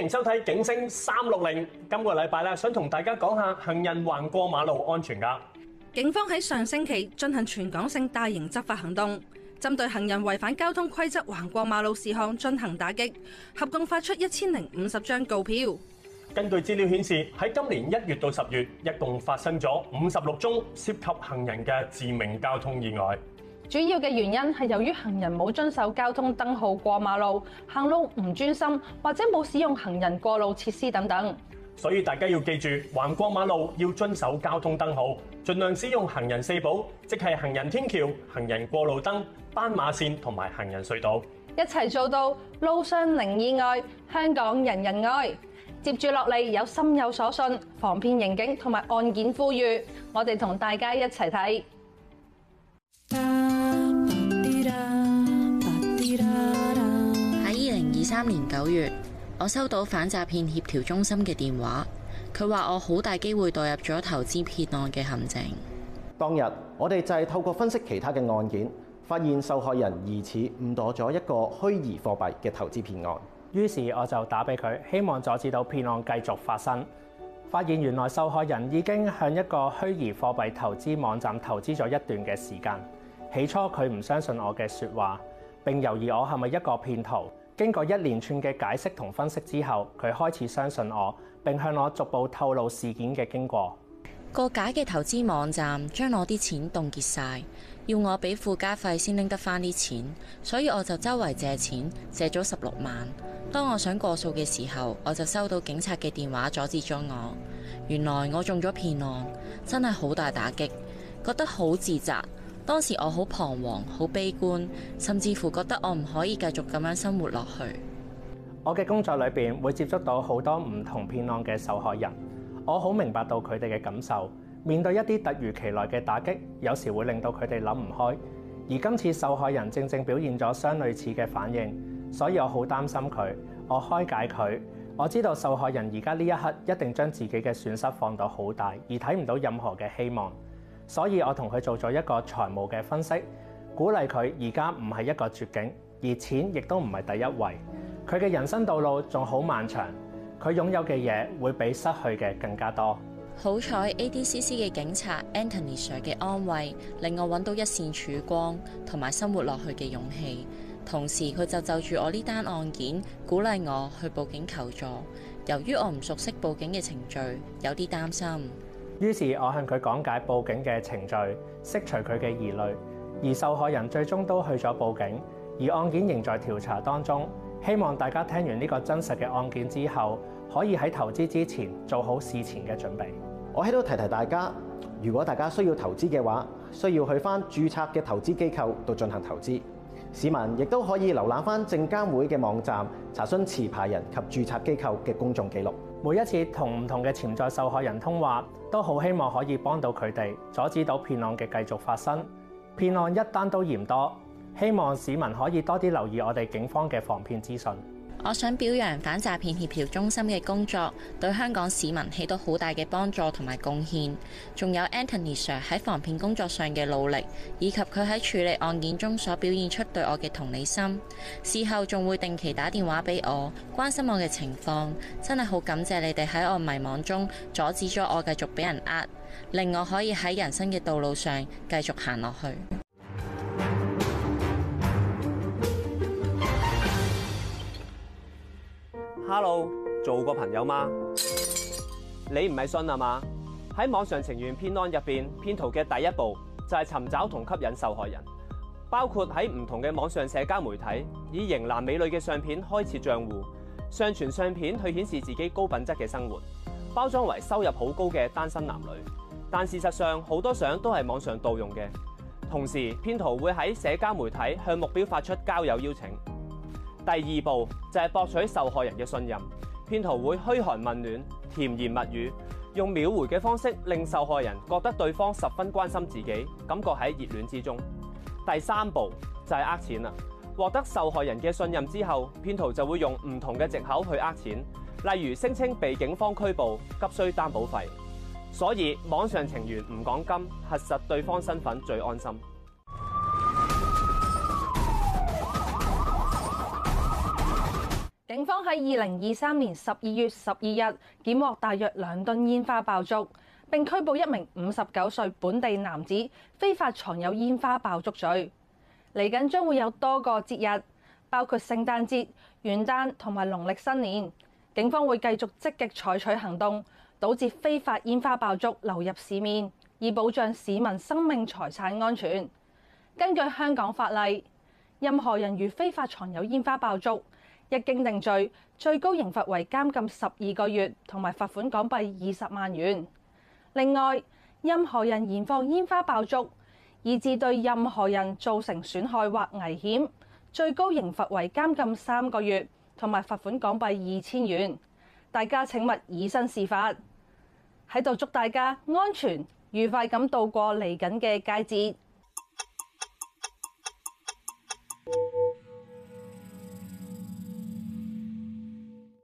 歡迎收睇《警聲三六零》。今個禮拜咧，想同大家講下行人橫過馬路安全噶。警方喺上星期進行全港性大型執法行動，針對行人違反交通規則橫過馬路事項進行打擊，合共發出一千零五十張告票。根據資料顯示，喺今年一月到十月，一共發生咗五十六宗涉及行人嘅致命交通意外。主要嘅原因係由於行人冇遵守交通燈號過馬路，行路唔專心，或者冇使用行人過路設施等等。所以大家要記住，橫過馬路要遵守交通燈號，盡量使用行人四寶，即係行人天橋、行人過路燈、斑馬線同埋行人隧道，一齊做到路上零意外，香港人人愛。接住落嚟，有心有所信、防騙刑警同埋案件呼籲，我哋同大家一齊睇。喺二零二三年九月，我收到反詐騙協調中心嘅電話，佢話我好大機會墮入咗投資騙案嘅陷阱。當日我哋就係透過分析其他嘅案件，發現受害人疑似誤墮咗一個虛擬貨幣嘅投資騙案。於是我就打俾佢，希望阻止到騙案繼續發生。發現原來受害人已經向一個虛擬貨幣投資網站投資咗一段嘅時間。起初佢唔相信我嘅說話。並猶豫我係咪一個騙徒。經過一連串嘅解釋同分析之後，佢開始相信我，並向我逐步透露事件嘅經過。個假嘅投資網站將我啲錢凍結晒，要我俾附加費先拎得返啲錢，所以我就周圍借錢，借咗十六萬。當我想過數嘅時候，我就收到警察嘅電話阻止咗我。原來我中咗騙案，真係好大打擊，覺得好自責。當時我好彷徨、好悲觀，甚至乎覺得我唔可以繼續咁樣生活落去。我嘅工作裏邊會接觸到好多唔同騙案嘅受害人，我好明白到佢哋嘅感受。面對一啲突如其來嘅打擊，有時會令到佢哋諗唔開。而今次受害人正正表現咗相類似嘅反應，所以我好擔心佢。我開解佢，我知道受害人而家呢一刻一定將自己嘅損失放到好大，而睇唔到任何嘅希望。所以我同佢做咗一個財務嘅分析，鼓勵佢而家唔係一個絕境，而錢亦都唔係第一位。佢嘅人生道路仲好漫長，佢擁有嘅嘢會比失去嘅更加多。好彩 ADCC 嘅警察 Anthony Sir 嘅安慰，令我揾到一線曙光同埋生活落去嘅勇氣。同時佢就就住我呢單案件，鼓勵我去報警求助。由於我唔熟悉報警嘅程序，有啲擔心。於是，我向佢講解報警嘅程序，釋除佢嘅疑慮，而受害人最終都去咗報警，而案件仍在調查當中。希望大家聽完呢個真實嘅案件之後，可以喺投資之前做好事前嘅準備。我喺度提提大家，如果大家需要投資嘅話，需要去返註冊嘅投資機構度進行投資。市民亦都可以瀏覽返證監會嘅網站，查詢持牌人及註冊機構嘅公眾記錄。每一次同唔同嘅潛在受害人通話，都好希望可以幫到佢哋，阻止到騙案嘅繼續發生。騙案一單都嫌多，希望市民可以多啲留意我哋警方嘅防騙資訊。我想表揚反詐騙協調中心嘅工作，對香港市民起到好大嘅幫助同埋貢獻。仲有 Anthony Sir 喺防騙工作上嘅努力，以及佢喺處理案件中所表現出對我嘅同理心。事後仲會定期打電話俾我，關心我嘅情況，真係好感謝你哋喺我迷茫中阻止咗我繼續俾人呃，令我可以喺人生嘅道路上繼續行落去。Hello，做個朋友嗎？你唔係信啊嘛？喺網上情緣騙案入邊，騙徒嘅第一步就係尋找同吸引受害人，包括喺唔同嘅網上社交媒體以型男美女嘅相片開設賬戶，上傳相片去顯示自己高品質嘅生活，包裝為收入好高嘅單身男女，但事實上好多相都係網上盜用嘅。同時，騙徒會喺社交媒體向目標發出交友邀請。第二步就係博取受害人嘅信任，騙徒會噓寒問暖、甜言蜜語，用秒回嘅方式令受害人覺得對方十分關心自己，感覺喺熱戀之中。第三步就係呃錢啦，獲得受害人嘅信任之後，騙徒就會用唔同嘅藉口去呃錢，例如聲稱被警方拘捕，急需擔保費。所以網上情緣唔講金，核實對方身份最安心。警方喺二零二三年十二月十二日檢獲大約兩噸煙花爆竹，並拘捕一名五十九歲本地男子，非法藏有煙花爆竹罪。嚟緊將會有多個節日，包括聖誕節、元旦同埋農曆新年。警方會繼續積極採取行動，堵截非法煙花爆竹流入市面，以保障市民生命財產安全。根據香港法例，任何人如非法藏有煙花爆竹，一經定罪，最高刑罰為監禁十二個月，同埋罰款港幣二十萬元。另外，任何人燃放煙花爆竹，以致對任何人造成損害或危險，最高刑罰為監禁三個月，同埋罰款港幣二千元。大家請勿以身試法，喺度祝大家安全愉快咁度過嚟緊嘅佳節。